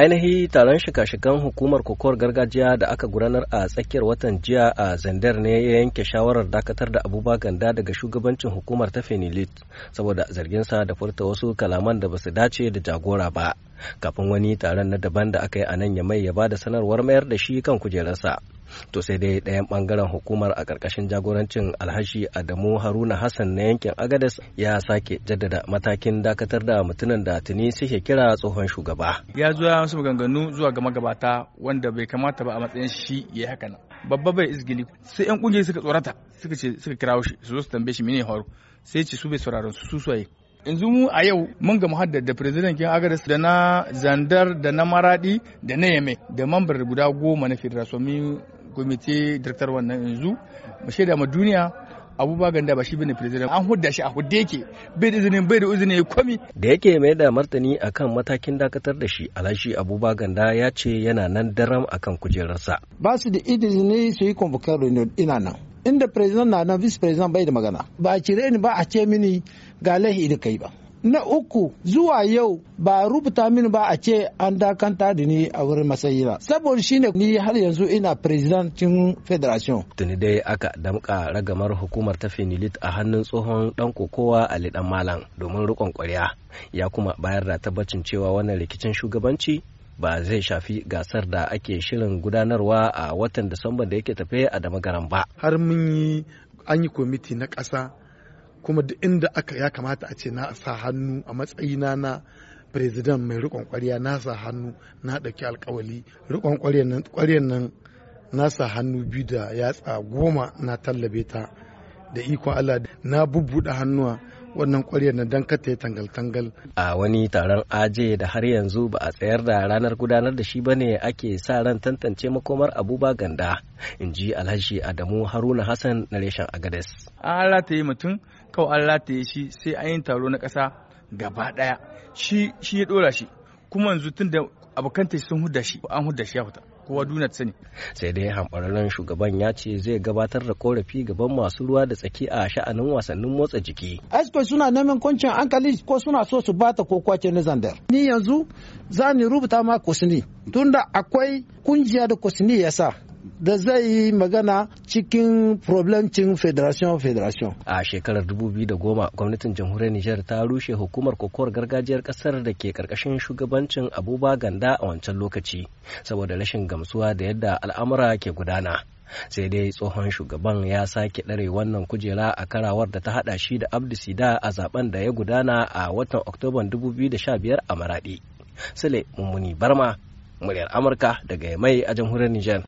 ainihi taron shika-shikan hukumar kokowar gargajiya da aka gudanar a tsakiyar watan jiya a zandar ne ya yanke shawarar dakatar da abubakar ganda daga shugabancin hukumar ta fenilit saboda zargin sa da furta wasu kalaman da basu dace da jagora ba kafin wani taron na daban da aka yi a nan ya mai ya ba da sanarwar mayar da shi kan kujerarsa to sai dai ɗayan ɓangaren hukumar a ƙarƙashin jagorancin alhashi adamu haruna hassan na yankin agadas ya sake jaddada matakin dakatar da mutumin da tuni suke kira tsohon shugaba ya zuwa wasu maganganu zuwa ga magabata wanda bai kamata ba a matsayin shi ya haka nan babba bai izgili sai yan kungiyar suka tsorata suka ce suka kirawo shi su zo su tambaye shi mene horo sai ce su bai sauraron su suwaye yanzu mu a yau mun gama haddar da president kin agadas da na zandar da na maradi da na yame da mambar guda goma na federation kwamiti daktar wannan yanzu mu shaida ma duniya abubuwa ganda ba shi bane president an hudda shi a hudde yake bai da izinin bai da izinin ya kwami. da yake mai da martani akan matakin dakatar da shi alashi abubuwa ganda ya ce yana nan daram akan kujerarsa ba su da izini su yi convocar reunion ina nan inda president na nan vice president bai da magana ba a cire ni ba a ce mini ga laihi da kai ba na uku zuwa yau ba rubuta mini ba a ce an dakanta da ni a wurin matsayi ba saboda shine ni har yanzu ina presidentin federation tuni dai aka damka ragamar hukumar ta finilit a hannun tsohon dan kokowa ali dan malam domin rikon kwarya ya kuma bayar da tabbacin cewa wannan rikicin shugabanci ba zai shafi gasar da ake shirin gudanarwa a watan disamba da yake tafe a damagaran ba har mun yi an yi kwamiti na ƙasa kuma duk inda aka ya kamata a ce na sa hannu a matsayina na firizidan mai rikon kwarya na sa hannu na ɗauki alkawali rikon kwaryan nan na sa hannu biyu da yatsa goma na tallabe ta da ikon Allah na bubbuɗe hannuwa wannan kwaryar na dan kata tangal-tangal. A wani taron aje da har yanzu ba a tsayar da ranar gudanar da shi ba ne ake sa ran tantance makomar abuba ganda in ji alhashi Adamu Haruna Hassan na reshen Agades. An rataye mutum kawai an rataye shi sai an yi taro na ƙasa gaba ɗaya shi ya ɗora shi kuma yanzu tun da abokan sun huda shi an huda shi ya fita kowa duniya sani sai dai hambararren shugaban ya ce zai gabatar da korafi gaban masu ruwa da tsaki a sha'anin wasannin motsa jiki asko suna neman kwancin hankali ko suna so su bata ko kwace na zandar ni yanzu za ni rubuta ma Kusini, tunda akwai kungiya da Kusini ya sa da zai yi magana cikin problemcin federation federation a shekarar 2010 gwamnatin jamhuriyar nijar ta rushe hukumar kokowar gargajiyar kasar da ke karkashin shugabancin abuba ganda a wancan lokaci saboda rashin gamsuwa da yadda al'amura ke gudana sai dai tsohon shugaban ya sake ɗare wannan kujera a karawar da ta haɗa shi da abdu sida a zaben da ya gudana a watan oktoban 2015 a maradi sule mummuni barma muryar amurka daga mai a jamhuriyar nijar